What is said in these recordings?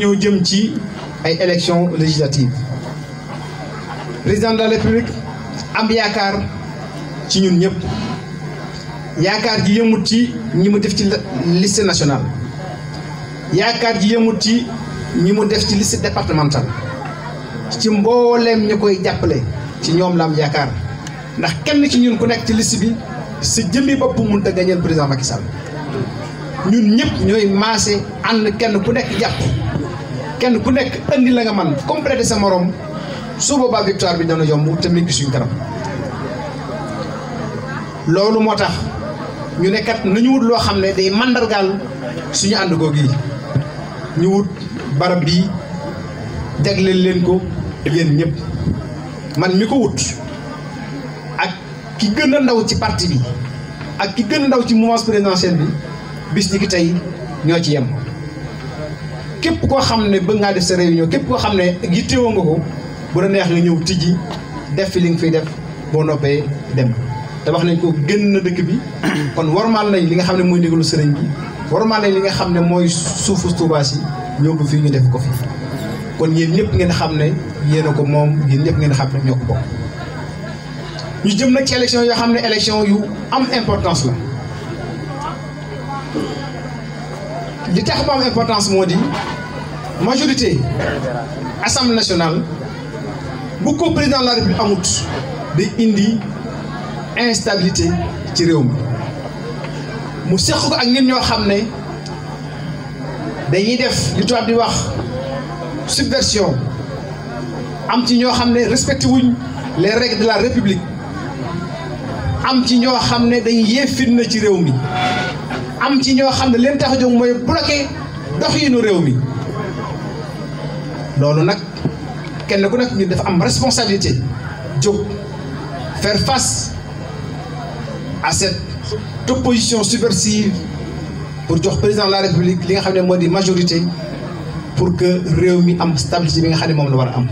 dañoo jëm ci ay élections législatives président de la république am yaakaar ci ñun ñëpp yaakaar ji yëmut ci ñi mu def ci liste nationale yaakaar ji yëmut ci ñi mu def ci liste départementale ci mbooleem ñu koy jàppale ci ñoom la am yaakaar ndax kenn ci ñun ku nekk ci liste bi sa jëmmi bopp mun a gañeel président Macky Sall ñun ñëpp ñooy maase ànd kenn ku nekk jàpp. kenn ku nekk indi la nga man complété sa moroom su boobaa victoire bi dana yomb te mi ngi suñ kanam loolu moo tax ñu ne kat nañu wut loo xam ne tey mandargaal suñu ànd googu yi ñu wut barab bi jagleel leen ko yéen ñëpp man mi ko wut ak ki gën ndaw ci parti bi ak ki gën ndaw ci mouvance présidentielle bi bis ñu ki tey ñoo ci yem. képp koo xam ne bëgg ngaa def sa réunion képp koo xam ne yittewoo nga ko bu neex nga ñëw tijji def fi li nga fiy def boo noppee dem te wax nañ ko génn na dëkk bi kon warmaal nañ li nga xam ne mooy ndigalu sëriñ bi warmaal nañ li nga xam ne mooy suufu Tuubaa si ñëw bu fii ñu def ko fi kon yéen ñëpp ngeen xam ne yéen a ko moom yéen ñëpp ngeen xam ne ñoo ko bokk ñu jëm nag ci élection yoo xam ne élection yu am importance la li tax ba am importance moo di majorité assemblée nationale bu ko la république amut day indi instabilité ci réew mi mu seq ko ak nit ñoo xam ne dañuy def li tubaab di wax subversion am ci ñoo xam ne respecté wuñ les règles de la république am ci ñoo xam ne dañuy yee fitna ci réew mi am ci ñoo xam ne leen tax a jóg mooy bloqué doxinu réew mi loolu nag kenn ku nekk ñu dafa am responsabilité jóg faire face à cette opposition subversive pour jox président la république li nga xam ne moo di majorité pour que réew mi am stabilité bi nga xam ne moom la war a am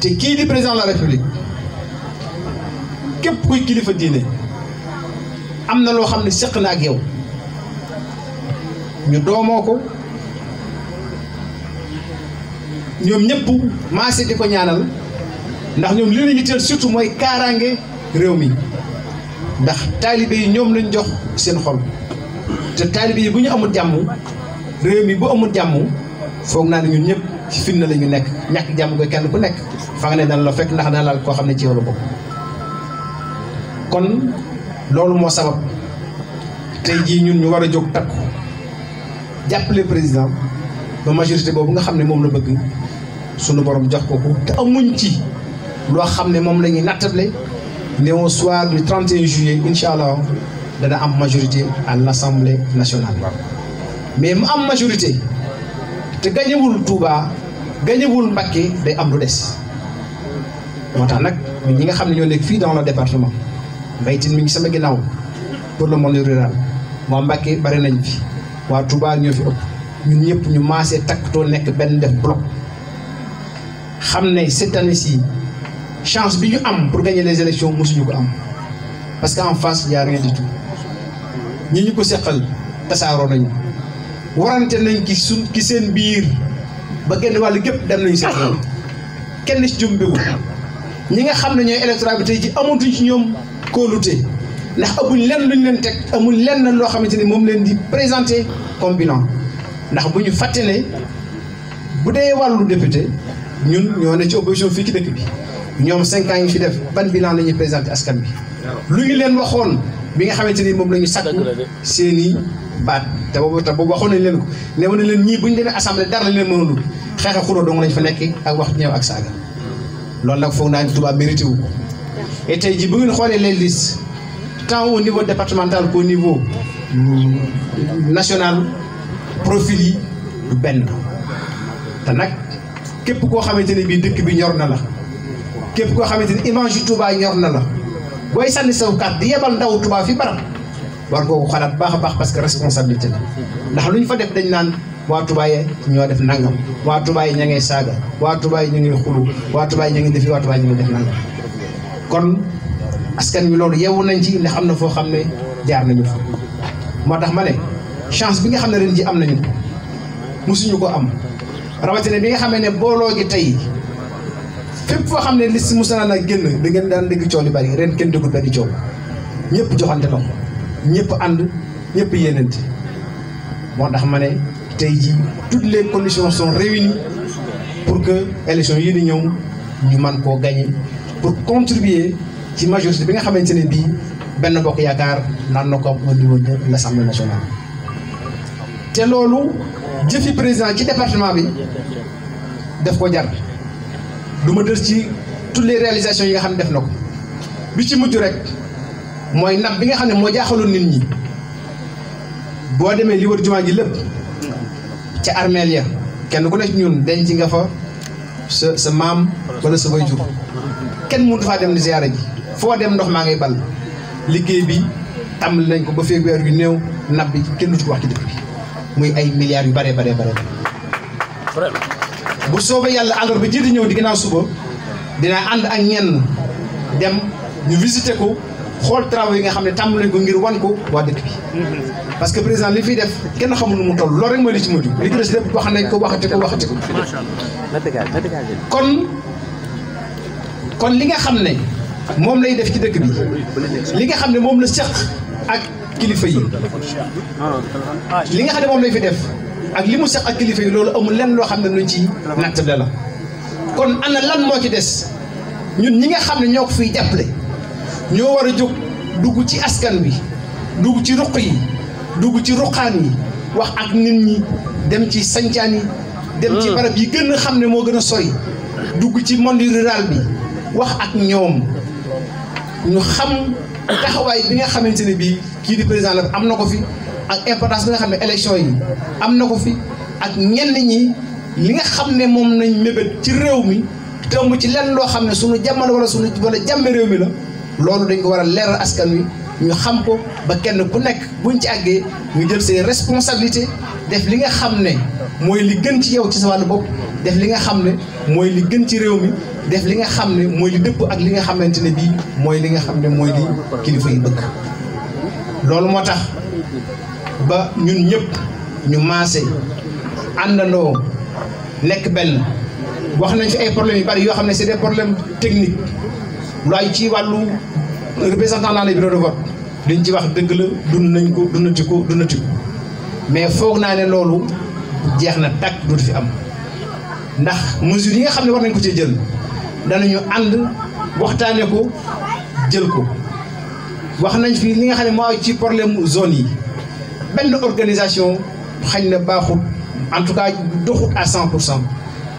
te kii di président de la république képp kuy kilifa diine am na loo xam ne sëq na ak yow ñu doomoo ko ñoom ñëpp maase di ko ñaanal ndax ñoom li ñu teel surtout mooy kaaraange réew mi ndax taalibe yi ñoom lañ jox seen xol te taalibe yi bu ñu amul jàmm réew mi bu amul jàmm foog naa ne ñun ñëpp ci fitna la ñu nekk ñàkk jàmm koy kenn ku nekk fa nga ne dana la fekk ndax dana laal koo xam ne ci yow la loolu moo sabab tey jii ñun ñu war a jóg takku jàppale président ba majorité boobu nga xam ne moom la bëgg sunu borom jox ko ko. te amuñ ci loo xam ne moom lañuy ñuy nattable ne au soir du 31 juillet incha allah dana am majorité à l' nationale. mais mu am majorité te gañewul Touba gañewul Mbacké day am lu des moo tax nag ñi nga xam ne ñoo nekk fii dans le département. mbaytin mi ngi sama ginnaaw pour le monde rural waa Mbàkke bari nañ fi waa Touba ñoo fi ñu ñun ñëpp ñu maasee takktoo nekk benn def bloc xam ne cette année ci chance bi ñu am pour gagner les élections mosuñu ko am parce que en face y a rien ñu ko seqal tasaaroo nañu warante nañ ki su ki seen biir ba genn wàll gépp dem nañu seen kenn si jumbiwul ñi nga xam ne ñooy électorat ji tey ci amatuñ ci ñoom kóolute ndax amuñ lenn luñ leen teg amul lenn loo xamante ni moom leen di présenté comme bilan ndax bu ñu fàtte ne bu dee wàllu député ñun ñoo ne ci opposition fii ci dëkk bi ñoom cinq ans yi fi def ban bilan la ñuy présenté askan bi lu ñu leen waxoon bi nga xamante ni moom la ñu sàkk seen i baat te boobu te waxoon nañ leen ko ne woon leen ñii bu ñu demee assemblée leen mën a dugg xeexa lañ fa nekk ak wax ñëw ak saaga loolu nag foog naa ne Touba mérité wu ko et tey jii bu ngeen xoolee les listes tant au niveau départemental qu'au niveau mm, national profil yi du benn te nag képp koo xamante ne bii dëkk bi ñor na la képp koo xamante ne image yu Touba ñor na la booy sànni saw kat di yebal ndaw Touba fi barab war nga ko xalaat baax a baax parce que responsabilité la ndax lu ñu fa def dañ naan waa Touba yi ñoo def nangam waa Touba yi ña ngay saaga waa Touba yi ñu ngi xulu waa Touba yi ngi defi waa Touba yi def nangam. kon askan wi loolu yeewu nañ ci ndax am na foo xam ne jaar nañu fa moo tax ma ne chance bi nga xam ne ren ji am nañu ko musuñu ko am rawatina bi nga xamee ne booloo gi tey fépp foo xam ne liste musanaan a génn da ngeen daan dégg coow li bari ren kenn déggul benn coow ñëpp joxante loxo ñëpp ànd ñëpp yéenante moo tax ma ne tey ji toutes les conditions sont réunies pour que élection yi di ñëw ñu man koo gagné pour contribuer ci majorité bi nga xamante ne bii benn bokk yaakaar naan na ko am au niveau de l' assemblée nationale. te loolu jëfi président ci département bi daf ko jar du ma dër ci toutes les réalisations yi nga xam ne def na ko bi ci mujj rek mooy ndam bi nga xam ne moo jaaxaloon nit ñi boo demee li wër jumaa ji lépp ca armeel ya kenn ku nekk ñun denc nga fa sa sa maam wala sa waajur kenn mënut faa dem di ziyaara ji foo dem ndox maa ngi bal liggéey bi tàmbali nañ ko ba feeg weer yu néew nab bi kenn du ci wax ci dëkk bi muy ay milliards yu bare bare bare bu soobee yàlla alors bi jiitu ñëw di ginnaaw suba dinaa ànd ak ñenn dem ñu visité ko xool travaux yi nga xam ne tàmm lañ ko ngir wan ko waa dëkk bi. parce que président li fiy def kenn xamul nu mu toll loolu rek mooy li ci mujj. li ci des lépp wax nañ ko waxati ko waxati ko. kon. kon li nga xam ne moom lay def ci dëkk bi li nga xam ne moom la seq ak kilifa yi li nga xam ne moom lay fi def ak li mu seq ak kilifa yi loolu amul lenn loo xam ne luñ ci nattale la kon ana lan moo ci des ñun ñi nga xam ne ñoo ko fiy jàppale ñoo war a jóg dugg ci askan bi dugg ci ruq yi dugg ci ruqaan yi wax ak nit ñi dem ci sancaan yi dem ci hmm. barab yi gën a xam ne moo gën a soy dugg ci monde rural bi wax ak ñoom ñu xam taxawaay bi nga xamante ne bii kii di président la am na ko fi ak importance bi nga xam ne élection yi am na ko fi ak ñenn ñi li nga xam ne moom nañ mébét ci réew mi tëmb ci lenn loo xam ne suñu jamono wala suñu wala jàmme réew mi la loolu dañ ko war a leeral askan wi ñu xam ko ba kenn ku nekk buñ ci àggee ñu jël ses responsabilité def li nga xam ne mooy li gën ci yow ci sa wàllu bopp def li nga xam ne mooy li gën ci réew mi def li nga xam ne mooy li dëpp ak li nga xamante ne bii mooy li nga xam ne mooy li kilifa yi bëgg loolu moo tax ba ñun ñëpp ñu maase àndandoo nekk benn wax nañ fi ay problèmes yu bari yoo xam ne c'est des problèmes techniques lu ci wàllu. représentant dans les bureaux de vote liñ ci wax dëgg la dund nañ ko dundati ko dundati ko mais foog naa ne loolu jeex na tàkk dootu fi am ndax mesures yi nga xam ne war nañ ko ci jël danañu ànd waxtaane ko jël ko wax nañ fi li nga xam ne moo ci problème zone yi benn organisation xañ na baaxut en tout cas doxut à cent pour cent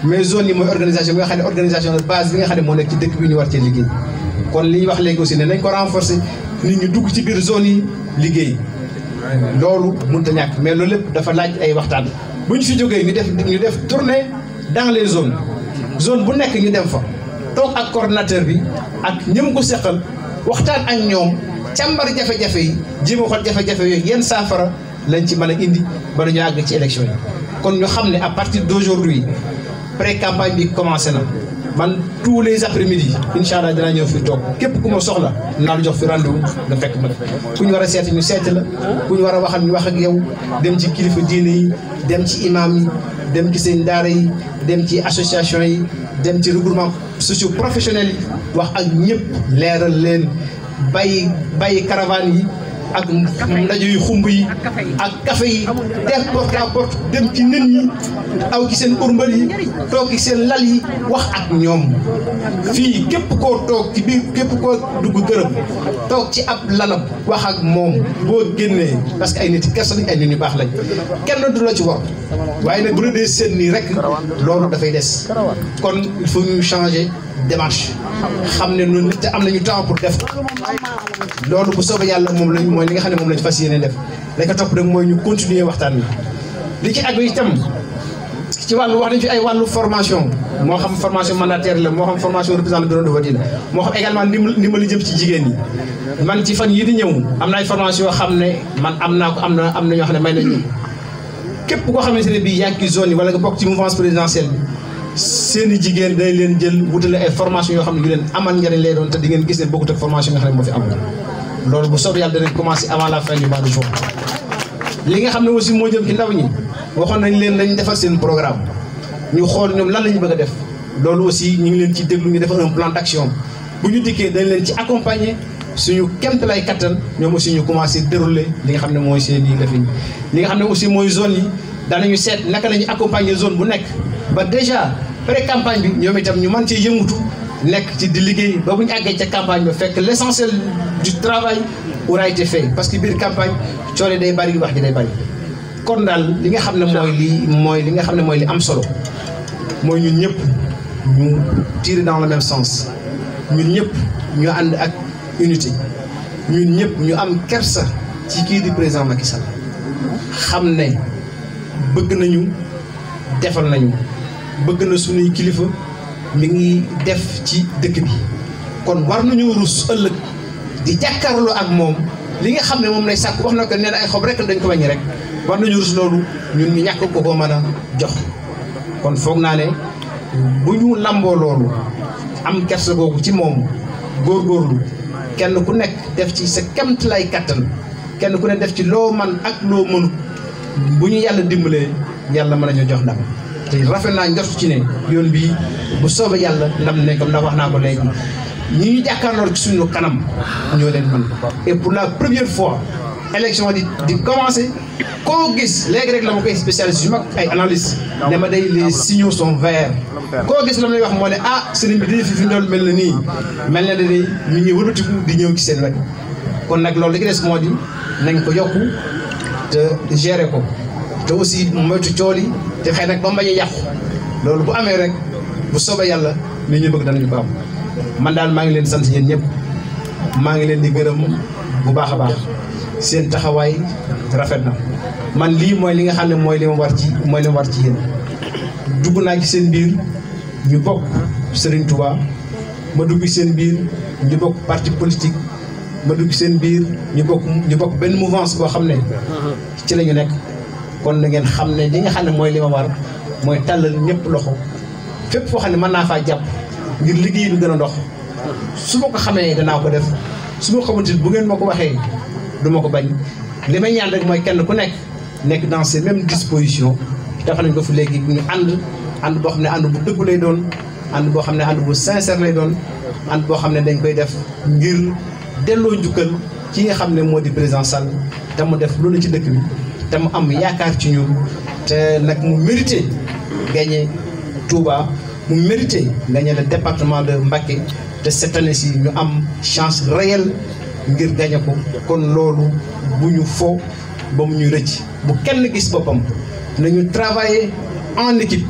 mais zone yi mooy organisation bi nga xam ne organisation de base bi nga xam ne moo nekk ci dëkk bi ñu war cee liggéey kon li ñu wax léegi aussi ne nañ ko renforcer nit ñu dugg ci biir zone yi liggéey loolu mun a ñàkk mais loolu lépp dafa laaj ay waxtaan bu ñu fi jógee ñu def ñu def tournée dans les zones zone bu nekk ñu dem fa toog ak coordinateur bi ak ñëm ko seqal waxtaan ak ñoom càmbar jafe-jafe yi jéem a jafe-jafe yooyu yenn saafara lañ ci mën a indi ba ñu àgg ci élection yi kon ñu xam ne à partir d'aujourd'hui pré campagne bi commencé na man tous les après midi incha allah dinaa ñëw fi toog képp ku ma soxla naa la jox fi rendez fekk ma ku ñu war a seet ñu seeti la ku ñu war a waxal ñu wax ak yow dem ci kilifa diine yi dem ci imam yi dem ci seen daara yi dem ci association yi dem ci regroupement socio professionnel yi wax ak ñëpp leeral leen bàyyi bàyyi caravane yi ak ndaje yu xumb yi ak kafe yi def porte à porte dem ci nit ñi aw ci seen urmbal yi toog ci seen lal yi wax ak ñoom fii képp koo toog ci biir képp koo dugg gërëm toog ci ab lalam wax ak moom boo génnee parce que ay nit kersa lañ ay nit ñu baax lañ kenn du la ci wax waaye nag bu la dee seen nii rek loolu dafay des kon il ñu changer démarche xam ne nu nu te am na ñu temps pour def ko loolu bu soobee yàlla moom lañ mooy li nga xam ne moom lañ fas yéene def la ko topp rek mooy ñu continuer waxtaan bi li ci aju itam ci wàllu wax nañ fi ay wàllu formation moo xam formation mandataire la moo xam formation représentant bureau de vote yi la moo xam également ndimbali jëm ci jigéen ñi man ci fan yii di ñëw am naa ay formation yoo xam ne man am naa ko am na am na ñoo xam ne may nañu képp koo xamante ne bii yaa ngi ci zone yi wala nga bokk ci mouvance seeni jigéen day leen jël wutale ay formation yoo xam ne yu leen amal njëriñ lay doon te di ngeen gis ne bokkut ak formation nga xam ne moo fi amul loolu bu soobee yàlla danañ commencé avant la fin du mois de juin li nga xam ne aussi moo jëm ci ndaw ñi waxoon nañ leen nañ defar seen programme ñu xool ñoom lan la ñu bëgg a def loolu aussi ñu ngi leen ci déglu ñu defar un plan d'action bu ñu dikkee dañ leen ci accompagner suñu kemt lay kattan ñoom aussi ñu commencé dérouler li nga xam ne mooy seen yi lëfiñ li nga xam ne aussi mooy zone yi daanañu seet naka la ñu accompagner zone bu nekk ba déjà pré campagne bi ñoom itam ñu man cee yëngutu nekk ci di liggéey ba bu ñu àggee ca campagne ba fekk l' essentiel du travail aura fait parce que biir campagne coole day bari wax ji day bari kon daal li nga xam ne mooy li mooy li nga xam ne mooy li am solo mooy ñun ñëpp ñu tirer dans le même sens ñun ñëpp ñu ànd ak unité ñun ñëpp ñu am kersa ci kii di président Macky Sall xam ne bëgg nañu defal nañu bëgg na suñuy kilifa mi ngi def ci dëkk bi kon war nañu rus ëllëg di jàkkaarloo ak moom li nga xam ne moom lay sàkk wax na ko nee na ay xob rek dañ ko wàññi rek war nañu rus loolu ñun ñu ñàkk ko ko mën a jox kon foog naa ne bu ñu lamboo loolu am kersa googu ci moom góorgóorlu kenn ku nekk def ci sa kemt lay kàttan kenn ku ne def ci loo man ak loo mënut bu ñu yàlla dimbalee yàlla mën nañu jox ndam te rafet naa njort ci ne yoon bii bu soobee yàlla ndam ne comme ndax wax naa ko léegi ñi ñu jàkkaarloo ci suñu kanam ñoo leen mën et pour la première fois élection di di commencé koo gis léegi rek la ma koy spécialiste yu mag ay analyse ne ma day les signaux sont verts koo gis la may wax moo ne ah sëriñ bi dina fi fi ndool mel na nii mel na ni ñu ngi wërbatiku di ñëw ci seen wet kon nag loolu li ci moo di nañ ko yokku te gérer ko te aussi moytu cool yi xëy nag ba mbañ a yàqu loolu bu amee rek bu soobee yàlla li ñu bëgg danañu man daal maa ngi leen sant yéen ñëpp maa ngi leen di gërëm bu baax a baax seen taxawaay rafet na man lii mooy li nga xam ne mooy li ma war ci mooy li ma war ci yéen dugg naa ci seen biir ñu bokk sëriñ Touba ma dugg seen biir ñu bokk parti politique ma dugg seen biir ñu bokk ñu bokk benn mouvance boo xam ne ci la ñu nekk kon na ngeen xam ne li nga xam ne mooy li mooy tàllal ñëpp loxo fépp foo xam ne mën naa faa jàpp ngir liggéey lu gën a ndox su ma ko xamee danaa ko def su ma xamante bu ngeen ma ko waxee du ma ko bañ li may ñaan rek mooy kenn ku nekk nekk dans ces mêmes dispositions dafa nañ ko fi léegi ñu ànd ànd boo xam ne ànd bu dëggu lay doon ànd boo xam ne ànd bu sincère lay doon ànd boo xam ne dañ koy def ngir delloo njukkal ki nga xam ne moo di président Sall te mu def loolu ci dëkk bi te mu am yaakaar ci ñun te nag mu mérité gagné Touba mu mérité gagné le département de Mbacké te cette année ci ñu am chance réelle ngir gagné ko kon loolu bu ñu fo ba mu ñu rëcc bu kenn gis boppam nañu travailler en équipe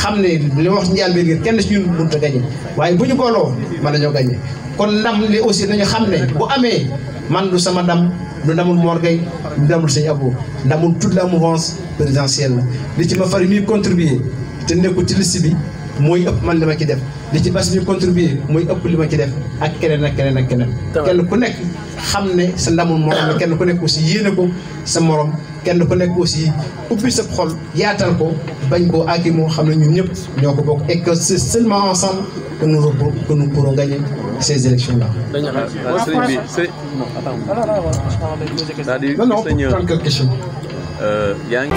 xam ne li wax njaal bi ngir kenn si ñun mënut a gagné waaye bu ñu booloo mën nañoo gagné kon ndam li aussi nañu xam ne bu amee man lu sama ndam lu ndamul Mor Gueye li amul sëñ Abo ndax moom toute la mouvance présidentielle la li ci ma fari ñuy contribuer te nekku ci liste bi mooy ëpp man li ma ci def li ci bas ñuy contribuer mooy ëpp li ma ci def ak keneen ak keneen ak keneen kenn ku nekk xam ne sa ndamul morom la kenn ku nekk si yéene ko sa morom kenn ku nekk aussi ubbi sa xol yaatal ko bañ koo àggi moo xam ne ñun ñëpp ñoo ko bokk et que c'est seulement ensemble que nous, que nous pourrons gagner ces élections-là. Non, non, quelques questions. Euh, yang.